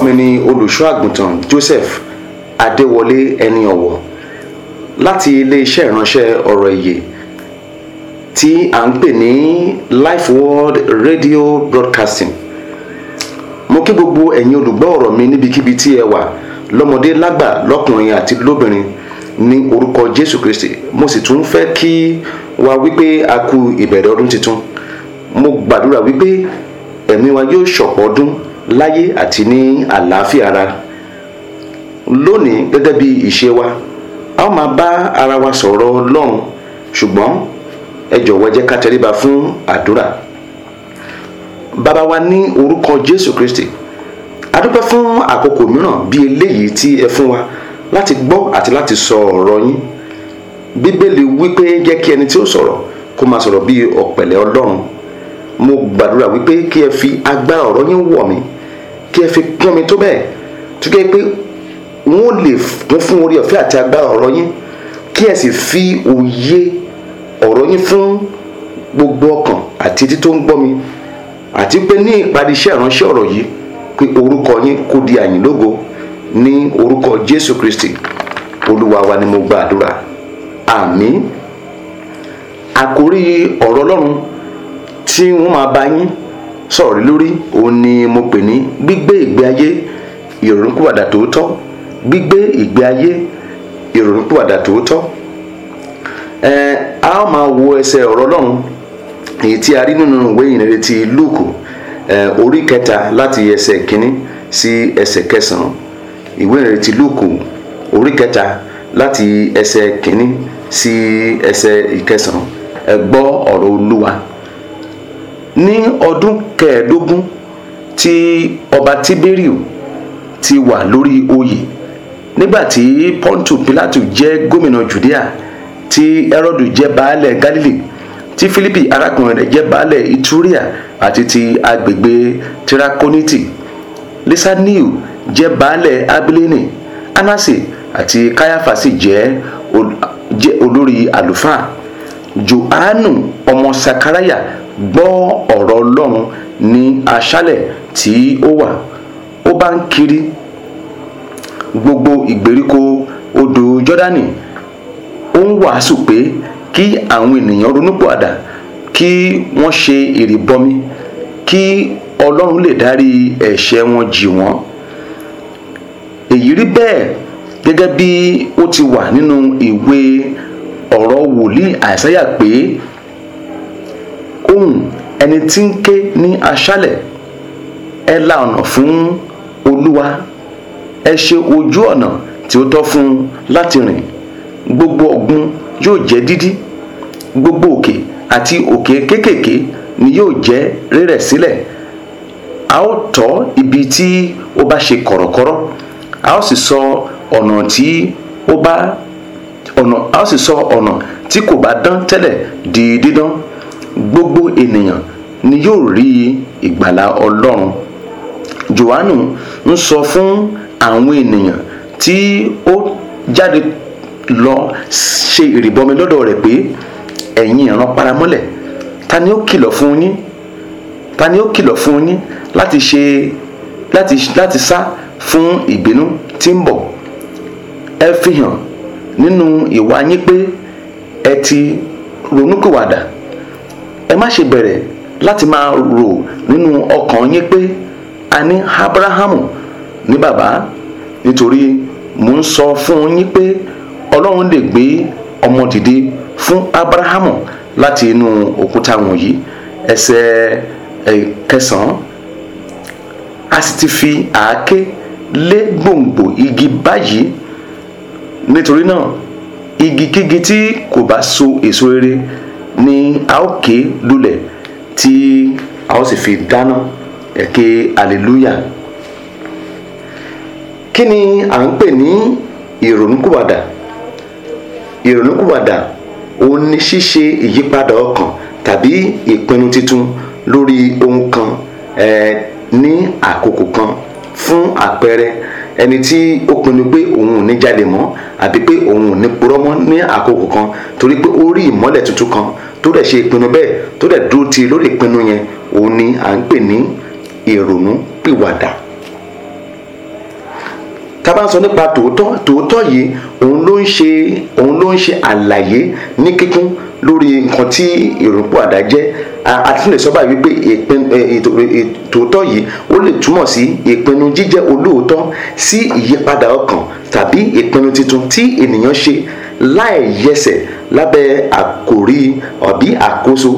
orúkọ mi ni olùṣọ́ àgùntàn Joseph Adéwọlé ẹni ọ̀wọ̀ láti iléeṣẹ́ ìránṣẹ́ ọ̀rọ̀ ìyè tí à ń pè ní Life World Radio Broadcasting mo kí gbogbo ẹ̀yin olùgbọ́ ọ̀rọ̀ mi níbikíbi tí ẹ wà lọ́mọdé lágbà lọ́kùnrin àti lóbìnrin ní orúkọ Jésù Kristi mo sì tún fẹ́ kí wa wípé a kú ìbẹ̀rẹ̀ ọdún tuntun mo gbàdúrà wípé ẹ̀mí wa yóò ṣọ̀pọ̀ ọdún láyé àti ní àlàáfíà ara lónìí gẹ́gẹ́ bí ìṣe wa a ó máa bá ara wa sọ̀rọ̀ Ọlọ́run ṣùgbọ́n ẹ jọ̀wọ́ jẹ́ ká tẹríba fún àdúrà bàbá wa ní orúkọ Jésù Kristi a dúpẹ́ fún àkókò mìíràn bí eléyìí tí ẹ fún wa láti gbọ́ àti láti sọ ọ̀rọ̀ yín bíbélì wípé jẹ́ kí ẹni tí ó sọ̀rọ̀ kó máa sọ̀rọ̀ bí ọ̀pẹ̀lẹ̀ Ọlọ́run mo gbàdúrà wípé kí ẹ fi agbára ọ̀rọ̀ yín wọ̀ mí kí ẹ fi kún mi tó bẹ́ẹ̀ tó jẹ́ pé wọ́n lè kún fún orí ọ̀fẹ́ àti agbára ọ̀rọ̀ yín kí ẹ sì fi òye ọ̀rọ̀ yín fún gbogbo ọkàn àti etí tó ń gbọ́ mi àti pé ní ìparí iṣẹ́ ìránṣẹ́ ọ̀rọ̀ yìí pé orúkọ yín kó di àyìnlógo ní orúkọ Jésù Kristi olúwa wa ni mo gba àdúrà àkórí ọ̀rọ̀ Ọlọ́run tí wọ́n máa bá yín sọ̀rọ̀ lórí òun ni mo pè ní gbígbé ìgbé ayé ìrònúpìwàdà tòótọ́ gbígbé ìgbé ayé ìrònúpìwàdà tòótọ́ ẹ a máa wo ẹsẹ̀ ọ̀rọ̀ Ọlọ́run èyí tí a rí nínú ìwé ìrere ti Lúùkù ẹ orí kẹta láti ẹsẹ̀ kínní sí ẹsẹ̀ kẹsànán ìwé ìrere ti Lúùkù orí kẹta láti ẹsẹ̀ kínní sí ẹsẹ̀ ìkẹsànán ẹ gbọ́ ọ̀rọ̀ Olúwa ní ọdún kẹẹ̀ẹ́dógún tí ọba Tíbéríù ti wà lórí oyè nígbà tí Pọ́ńtù Pílátù jẹ́ gómìnà Jùdíà tí erodu jẹ́ baálẹ̀ Gálílì tí Fílípì arákùnrin rẹ̀ jẹ́ baálẹ̀ Ituria àti ti agbègbè Tirakoniti Lisaniu jẹ́ baálẹ̀ Abilene Anasi àti Káyáfà sì jẹ́ olórí àlùfáà Jòhánù ọmọ Sakaraya gbọ́ ọ̀rọ̀ ọlọ́run ní aṣálẹ̀ tí ó wà ó bá ń kiri gbogbo ìgbèríko odò jọ́dánì ó ń wàásù pé kí àwọn ènìyàn ronúpìwàdà kí wọ́n ṣe ìrìbọmi kí ọlọ́run lè dárí ẹ̀ṣẹ̀ wọn jì wọ́n èyí rí bẹ́ẹ̀ gẹ́gẹ́ bí ó ti wà nínú ìwé ọ̀rọ̀ wòlíì àìsáyà pé ohùn ẹni tí ń ké ní aṣálẹ̀ ẹ la ọ̀nà fún olúwa ẹ ṣe ojú ọ̀nà tí ó tọ́ fún un láti rìn gbogbo ọ̀gbun yóò jẹ́ dídí gbogbo òkè àti òkè kéékèèké ni yóò jẹ́ rírẹ̀ sílẹ̀ a ó tọ́ ibi tí ó bá ṣe kọ̀rọ̀kọ̀rọ̀ a ó sì sọ ọ̀nà tí ó bá ọ̀nà a ó sì sọ ọ̀nà tí kò bá dán tẹ́lẹ̀ di dídán gbogbo ènìyàn ni yóò rí ìgbàlà ọlọ́run johannu ń sọ fún àwọn ènìyàn tí ó jáde lọ ṣe ìrìbọmi lọ́dọ̀ rẹ̀ pé ẹ̀yin ìran paramọ́lẹ̀ ta ni ó kìlọ̀ fún yín ta ni ó kìlọ̀ fún yín láti ṣe láti láti sá fún ìbínú tí ń bọ̀ ẹ fi hàn nínú ìwà yín pé ẹ ti ronúkúwàdà ẹ má ṣe bẹ̀rẹ̀ láti máa rò nínú ọkàn yín pé a ní Abrahamu ní bàbá nítorí mò ń sọ fún yín pé Ọlọ́run lè gbé ọmọ dìde fún Abrahamu láti inú òkúta wọ̀nyí ẹsẹ̀ kẹsàn-án a sì ti fi àáké lé gbòǹgbò igi báyìí nítorí náà igi kígi tí kò bá so èso rere ni a ó ké lulẹ̀ tí a ó sì fi dáná ẹ̀kẹ́ hallelujah kí ni à ń pè ní ìrònúkúwàdà ìrònúkúwàdà òun ni ṣíṣe ìyípadà ọkàn tàbí ìpinnu tuntun lórí ohun kan eh, ní àkókò kan fún àpẹẹrẹ ẹni tí ó pinnu pé òun ò ní jáde mọ́ àbí pé òun ò ní purọ́ mọ́ ní àkókò kan torí pé ó rí ìmọ́lẹ̀ tuntun kan tó dẹ̀ ṣe ìpinnu bẹ́ẹ̀ tó dẹ̀ dúró ti lórí ìpinnu yẹn òun ni à ń pè ní ìrònú pìwàdà tá bá ń sọ nípa tòótọ́ tòótọ́ yìí òun ló ń ṣe òun ló ń ṣe àlàyé ní kíkún lórí nǹkan tí ìrònúpìwàdà jẹ́ àti lè sọ báyìí wípé tòótọ́ yìí ó lè túmọ̀ sí ìpinnu jíjẹ́ olóòótọ́ sí ìyípadà ọkàn tàbí ìpinnu tuntun tí ènìyàn ṣe láì yẹsẹ̀ lábẹ́ àkòrí àbí àkóso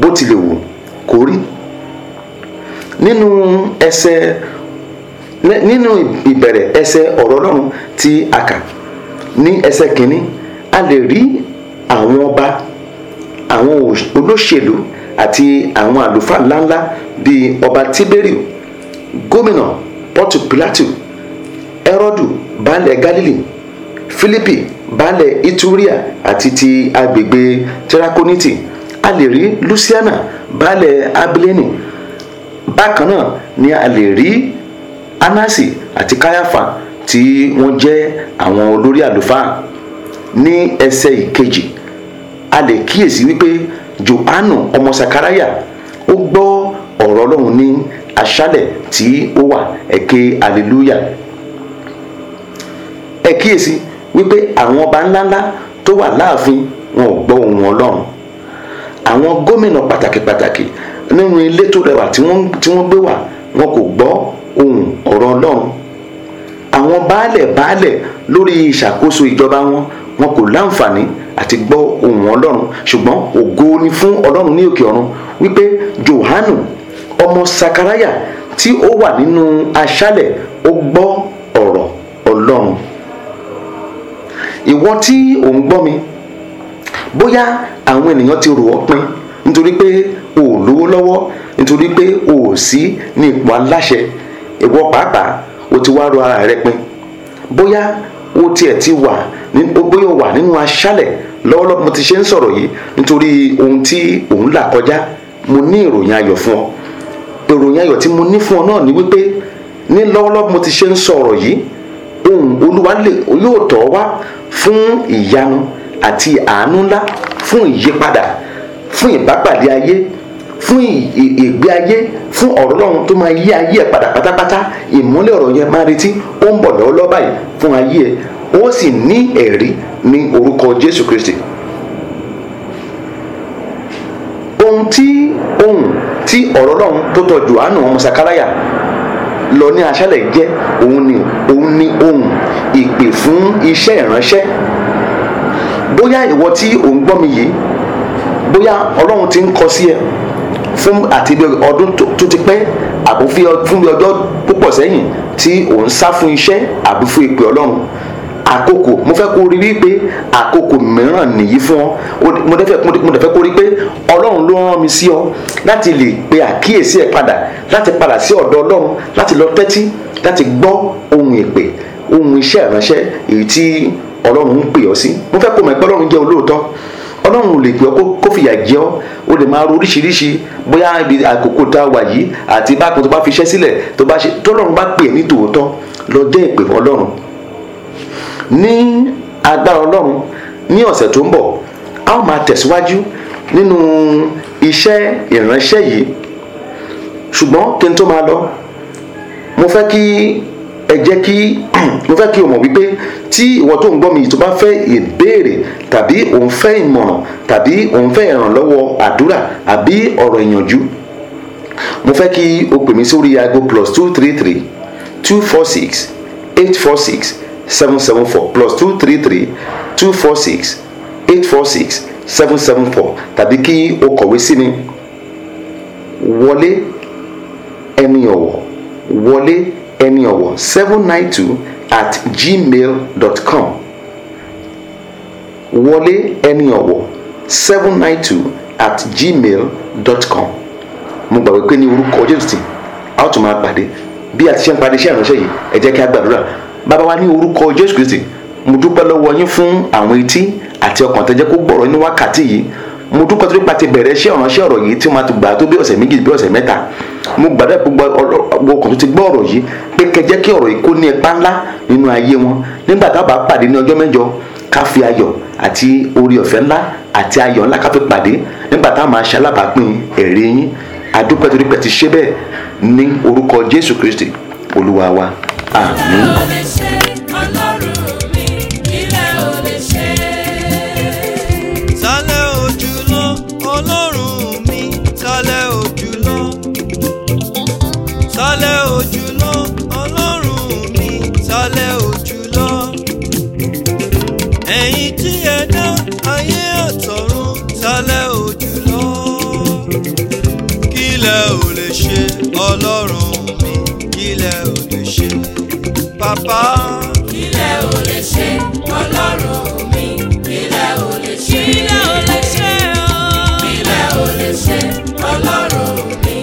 bó tilẹ̀ wù kó rí nínú ẹsẹ̀ nínú ìbẹ̀rẹ̀ ẹsẹ̀ ọ̀rọ̀ ọlọ́run tí a kà ní ẹsẹ̀ kínní a lè rí àwọn ọba àwọn olóṣèlú àti àwọn àlùfáà ńláńlá bíi ọba tíbéríù gómìnà pọ́tù pílátù ẹ́rọ́dù baálẹ̀ galilei fílípì baálẹ̀ Etruria àti ti agbègbè Tirakoniti a lè rí Luciana baálẹ̀ Abilene bákan náà ni a lè rí Anasi àti Kayafa tí wọ́n jẹ́ àwọn olórí àlùfáà ní ẹsẹ̀ ìkejì a lè kíyèsí wípé Jòhánù ọmọ Sakaraya ó gbọ́ ọ̀rọ̀ Ọlọ́run ní aṣálẹ̀ tí ó wà ẹ̀kẹ́ aleluya ẹ kíyèsí wípé àwọn ọba ńláńlá tó wà láàfin wọn ò gbọ́ ohùn ọlọ́run àwọn gómìnà pàtàkì pàtàkì nínú ilé tó rẹwà tí wọ́n gbé wà wọn kò gbọ́ ohùn ọ̀rọ̀ ọlọ́run àwọn baálẹ̀ baálẹ̀ lórí ìṣàkóso ìjọba wọn wọn kò láǹfààní àti gbọ́ ohùn ọlọ́run ṣùgbọ́n ògo ni fún ọlọ́run ní òkè ọ̀run wípé Jòhánù ọmọ Sakaraya tí ó wà nínú aṣálẹ̀ ó gbọ́ ọ̀rọ̀ ọlọ́run ìwọ tí ò ń gbọ́ mi bóyá àwọn ènìyàn ti rò ọ́ pin nítorí pé o ò lówó lọ́wọ́ nítorí pé o ò sí ní ipò aláṣẹ ìwọ pàápàá o ti wá rò ara rẹ pin bóyá o tiẹ̀ ti wà bóyá o wà nínú aṣálẹ̀ lọ́wọ́lọ́wọ́ mo ti ṣe ń sọ̀rọ̀ yìí nítorí ohun tí òun là kọjá mo ní ìròyìn ayọ̀ fún ọ ìròyìn ayọ̀ tí mo ní fún ọ náà ni wípé ní lọ́wọ́lọ́wọ́ mo ti ṣe ń sọ̀rọ̀ yìí ohun olúwa lè yóò tọ̀ wá fún ìyanu àti àánú ńlá fún ìyípadà fún ìbápàdé ayé fún ìgbé ayé fún ọ̀rọ̀ Ọlọ́run tó máa yí ayé ẹ̀ padà pátápátá ìmúlẹ̀ ọ̀rọ̀ yẹn máa retí ó ń bọ̀ lọ́wọ́lọ́wọ́ báyìí fún ayé ẹ̀ ó sì ní ẹ̀rí ní orúkọ Jésù Kristi. ohun tí ohun tí ọ̀rọ̀ Ọlọ́run tó tọ́jú àánú ọmọ Sakaraya lọ ní aṣálẹ̀ jẹ́ òun ni o òun ni ohun ìpè fún iṣẹ́ ìránṣẹ́ bóyá ìwọ tí ò ń gbọ́ mi yìí bóyá ọlọ́run ti ń kọ sí ẹ fún àti bí ọdún tó ti pẹ́ àbò fún bí ọjọ́ púpọ̀ sẹ́yìn tí ò ń sá fún iṣẹ́ àbí fún ìpè ọlọ́run àkókò mo fẹ́ kó rí wípé àkókò mìíràn nìyí fún ọ mo dẹ̀ fẹ́ kó rí pé ọlọ́run ló rán mi sí ọ láti lè pe àkíyèsí ẹ padà láti padà sí ọ̀dọ̀ ọlọ́run láti lọ tẹ́tí láti gbọ́ ohun ìpè ohun iṣẹ́ ìránṣẹ́ èyí tí ọlọ́run ń pè ọ́ sí mo fẹ́ kó mọ̀ pé ọlọ́run jẹ́ olóòótọ́ ọlọ́run ò lè pè ọ́ kó fìyà jẹ ọ́ o lè máa ro oríṣiríṣi bóyá ibi àkókò tá a wà yìí àti bákan tó bá fi iṣẹ́ sílẹ̀ tó bá ṣe tọ́lọ́run bá pè é ní tòótọ́ lọ jẹ́ ìpè ọlọ́run ní agbára ọlọ́run ní ọ̀sẹ̀ tó ń bọ̀ a ó máa tẹ̀síwájú nínú iṣẹ́ ìránṣẹ́ yìí ṣùgbọ́n kí n tó máa lọ mo fẹ́ kí ẹ jẹ́ kí mo fẹ́ kí o mọ̀ wípé tí ìwọ tó ń gbọ́ mi yìí tó bá fẹ́ ìbéèrè tàbí òun fẹ́ ìmọ̀ràn tàbí òun fẹ́ ìrànlọ́wọ́ àdúrà àbí ọ̀rọ̀ ìyànjú mo fẹ́ kí o pè mí sórí aago plus two three three two four six eight four six seven seven four plus two three three two four six eight four six seven seven four tàbí kí o kọ̀wé sí mi wọlé ẹni ọ̀wọ̀ wọlé ẹni ọ̀wọ̀ seven nine two at gmail dot com wọlé ẹni ọ̀wọ̀ seven nine two at gmail dot com mo gbàgbé pé ní orúkọ Jésù tí a ó tún máa pàdé bí a ti ṣe ń pàdé iṣẹ́ ìránṣẹ́ yìí ẹ jẹ́ kí a gbàdúrà bàbá wa ní orúkọ Jésù Kristi mo dúpẹ́ lọ́wọ́ yín fún àwọn etí àti ọkàn tẹ́jẹ́ kó gbọ́rọ̀ ní wákàtí yìí mo dúpẹ́ tó nípa ti bẹ̀rẹ̀ iṣẹ́ ìránṣẹ́ ọ̀rọ̀ yìí tí wọ́n ti gbà tó bí ọ̀sẹ̀ méjì bí ọ̀sẹ̀ mẹ́ta mo gbàdúrà gbogbo ọkàn tó ti gbọ́ ọ̀rọ̀ yìí pé kẹjẹ́ kí ọ̀rọ̀ yìí kó ní ipa ńlá nínú ayé wọn nígbà tá pàdé ní ọjọ́ mẹ́jọ ká fi ayọ̀ àti oore ọ̀fẹ́ ńlá àti ayọ̀ ńlá ká fi pàdé nígbà tá a máa ṣe alábàápín èrè yín adúpẹ́ ti ṣe bẹ́ẹ̀ ní orúkọ Jésù Kristi olúwa wa àmín. Papa. ilẹ̀ ò lè ṣe ọlọ́run mi ilẹ̀ ò lè ṣe. ilẹ̀ ò lè ṣe o. Oh. ilẹ̀ ò lè ṣe ọlọ́run mi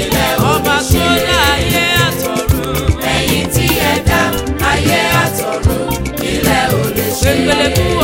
ilẹ̀ ò lè ṣe. ọba tó ayé àtọ̀run. ẹ̀yin tí ẹ dá ayé àtọ̀run ilẹ̀ ò lè ṣe. pépélé fún wa.